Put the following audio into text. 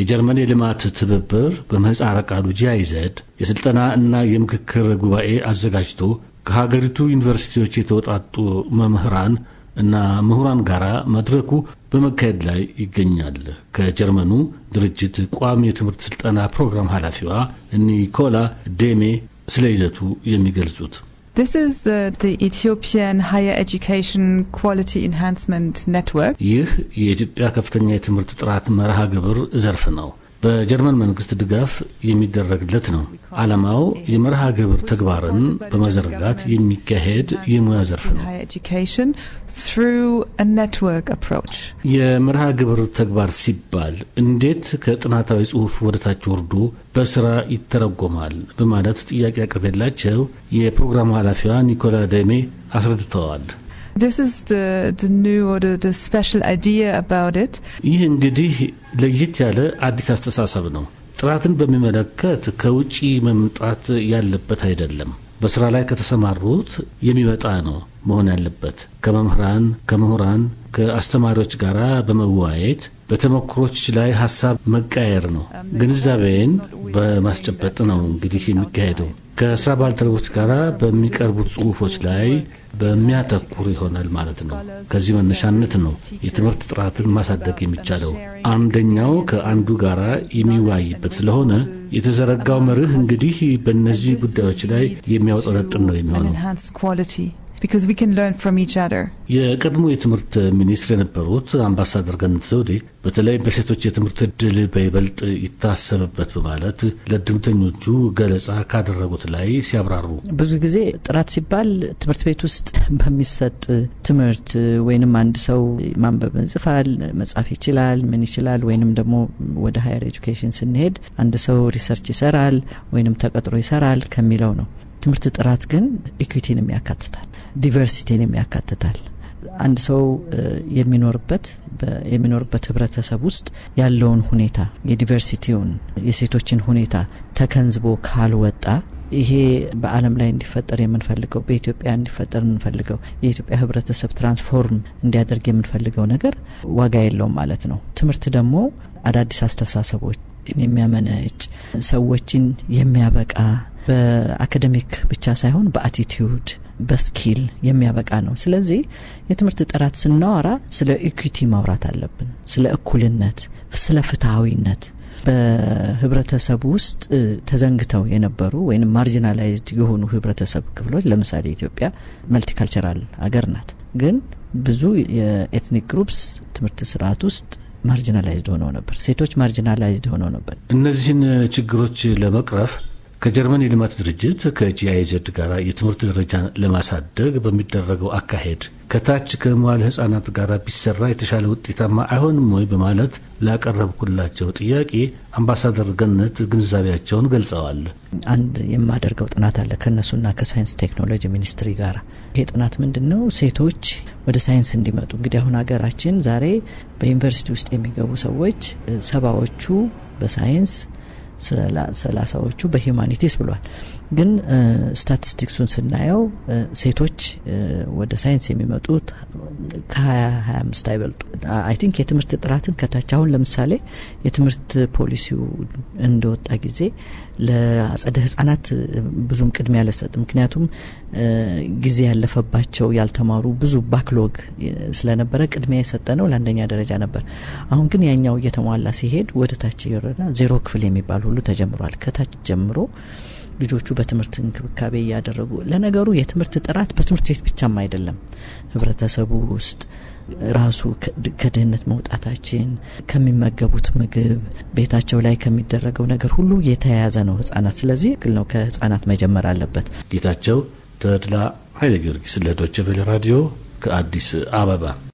የጀርመን የልማት ትብብር በምህፃረ ቃሉ ጂአይዘድ የሥልጠና እና የምክክር ጉባኤ አዘጋጅቶ ከሀገሪቱ ዩኒቨርሲቲዎች የተውጣጡ መምህራን እና ምሁራን ጋር መድረኩ በመካሄድ ላይ ይገኛል። ከጀርመኑ ድርጅት ቋሚ የትምህርት ስልጠና ፕሮግራም ኃላፊዋ ኒኮላ ዴሜ ስለ ይዘቱ የሚገልጹት This is uh, the Ethiopian Higher Education Quality Enhancement Network. ይህ የኢትዮጵያ ከፍተኛ የትምህርት ጥራት መርሃ ግብር ዘርፍ ነው። በጀርመን መንግስት ድጋፍ የሚደረግለት ነው። ዓላማው የመርሃ ግብር ተግባርን በመዘርጋት የሚካሄድ የሙያ ዘርፍ ነው። የመርሃ ግብር ተግባር ሲባል እንዴት ከጥናታዊ ጽሑፍ ወደታች ወርዶ በስራ ይተረጎማል በማለት ጥያቄ አቅርቤላቸው የፕሮግራሙ ኃላፊዋ ኒኮላ ደሜ አስረድተዋል። ይህ እንግዲህ ለየት ያለ አዲስ አስተሳሰብ ነው። ጥራትን በሚመለከት ከውጭ መምጣት ያለበት አይደለም። በስራ ላይ ከተሰማሩት የሚመጣ ነው መሆን ያለበት። ከመምህራን፣ ከምሁራን፣ ከአስተማሪዎች ጋር በመወያየት በተሞክሮች ላይ ሀሳብ መቃየር ነው። ግንዛቤን በማስጨበጥ ነው እንግዲህ የሚካሄደው። ከስራ ባልደረቦች ጋር በሚቀርቡት ጽሁፎች ላይ በሚያተኩር ይሆናል ማለት ነው። ከዚህ መነሻነት ነው የትምህርት ጥራትን ማሳደግ የሚቻለው። አንደኛው ከአንዱ ጋር የሚወያይበት ስለሆነ የተዘረጋው መርህ እንግዲህ በእነዚህ ጉዳዮች ላይ የሚያውጠነጥን ነው የሚሆነው። because we can learn from each other የቀድሞ የትምህርት ሚኒስትር የነበሩት አምባሳደር ገነት ዘውዴ በተለይ በሴቶች የትምህርት እድል በይበልጥ ይታሰብበት በማለት ለድምተኞቹ ገለጻ ካደረጉት ላይ ሲያብራሩ ብዙ ጊዜ ጥራት ሲባል ትምህርት ቤት ውስጥ በሚሰጥ ትምህርት ወይንም አንድ ሰው ማንበብ እንጽፋል መጻፍ ይችላል ምን ይችላል ወይንም ደግሞ ወደ ሀየር ኤጁኬሽን ስንሄድ አንድ ሰው ሪሰርች ይሰራል ወይንም ተቀጥሮ ይሰራል ከሚለው ነው ትምህርት ጥራት ግን ኢኩዊቲንም ያካትታል ዲቨርሲቲንም ያካትታል። አንድ ሰው የሚኖርበት የሚኖርበት ህብረተሰብ ውስጥ ያለውን ሁኔታ የዲቨርሲቲውን የሴቶችን ሁኔታ ተከንዝቦ ካልወጣ ይሄ በአለም ላይ እንዲፈጠር የምንፈልገው በኢትዮጵያ እንዲፈጠር የምንፈልገው የኢትዮጵያ ህብረተሰብ ትራንስፎርም እንዲያደርግ የምንፈልገው ነገር ዋጋ የለውም ማለት ነው። ትምህርት ደግሞ አዳዲስ አስተሳሰቦችን የሚያመነጭ ሰዎችን የሚያበቃ በአካደሚክ ብቻ ሳይሆን በአቲቲዩድ በስኪል የሚያበቃ ነው። ስለዚህ የትምህርት ጥራት ስናወራ ስለ ኢኩቲ ማውራት አለብን፣ ስለ እኩልነት፣ ስለ ፍትሐዊነት በህብረተሰቡ ውስጥ ተዘንግተው የነበሩ ወይም ማርጂናላይዝድ የሆኑ ህብረተሰብ ክፍሎች ለምሳሌ ኢትዮጵያ መልቲካልቸራል አገር ናት። ግን ብዙ የኤትኒክ ግሩፕስ ትምህርት ስርዓት ውስጥ ማርጂናላይዝድ ሆነው ነበር። ሴቶች ማርጂናላይዝድ ሆነው ነበር። እነዚህን ችግሮች ለመቅረፍ ከጀርመን የልማት ድርጅት ከጂአይዜድ ጋር የትምህርት ደረጃን ለማሳደግ በሚደረገው አካሄድ ከታች ከመዋለ ሕፃናት ጋር ቢሰራ የተሻለ ውጤታማ አይሆንም ወይ በማለት ላቀረብኩላቸው ጥያቄ አምባሳደር ገነት ግንዛቤያቸውን ገልጸዋል። አንድ የማደርገው ጥናት አለ ከእነሱና ከሳይንስ ቴክኖሎጂ ሚኒስትሪ ጋር። ይሄ ጥናት ምንድን ነው? ሴቶች ወደ ሳይንስ እንዲመጡ እንግዲህ አሁን ሀገራችን ዛሬ በዩኒቨርሲቲ ውስጥ የሚገቡ ሰዎች ሰባዎቹ በሳይንስ ሰላሳዎቹ በሂማኒቲስ ብሏል። ግን ስታቲስቲክሱን ስናየው ሴቶች ወደ ሳይንስ የሚመጡት ከ2025 አይበልጡ። አይ ቲንክ የትምህርት ጥራትን ከታች አሁን ለምሳሌ የትምህርት ፖሊሲው እንደወጣ ጊዜ ለአጸደ ህጻናት ብዙም ቅድሚያ አልሰጥም። ምክንያቱም ጊዜ ያለፈባቸው ያልተማሩ ብዙ ባክሎግ ስለነበረ ቅድሚያ የሰጠ ነው ለአንደኛ ደረጃ ነበር። አሁን ግን ያኛው እየተሟላ ሲሄድ ወደ ታች ዜሮ ክፍል የሚባሉ ሁሉ ተጀምሯል። ከታች ጀምሮ ልጆቹ በትምህርት እንክብካቤ እያደረጉ ለነገሩ የትምህርት ጥራት በትምህርት ቤት ብቻም አይደለም፣ ህብረተሰቡ ውስጥ ራሱ ከድህነት መውጣታችን ከሚመገቡት ምግብ ቤታቸው ላይ ከሚደረገው ነገር ሁሉ የተያያዘ ነው ህጻናት። ስለዚህ ክል ነው ከህጻናት መጀመር አለበት። ጌታቸው ተድላ ኃይለ ጊዮርጊስ ለዶይቼ ቬለ ራዲዮ ከአዲስ አበባ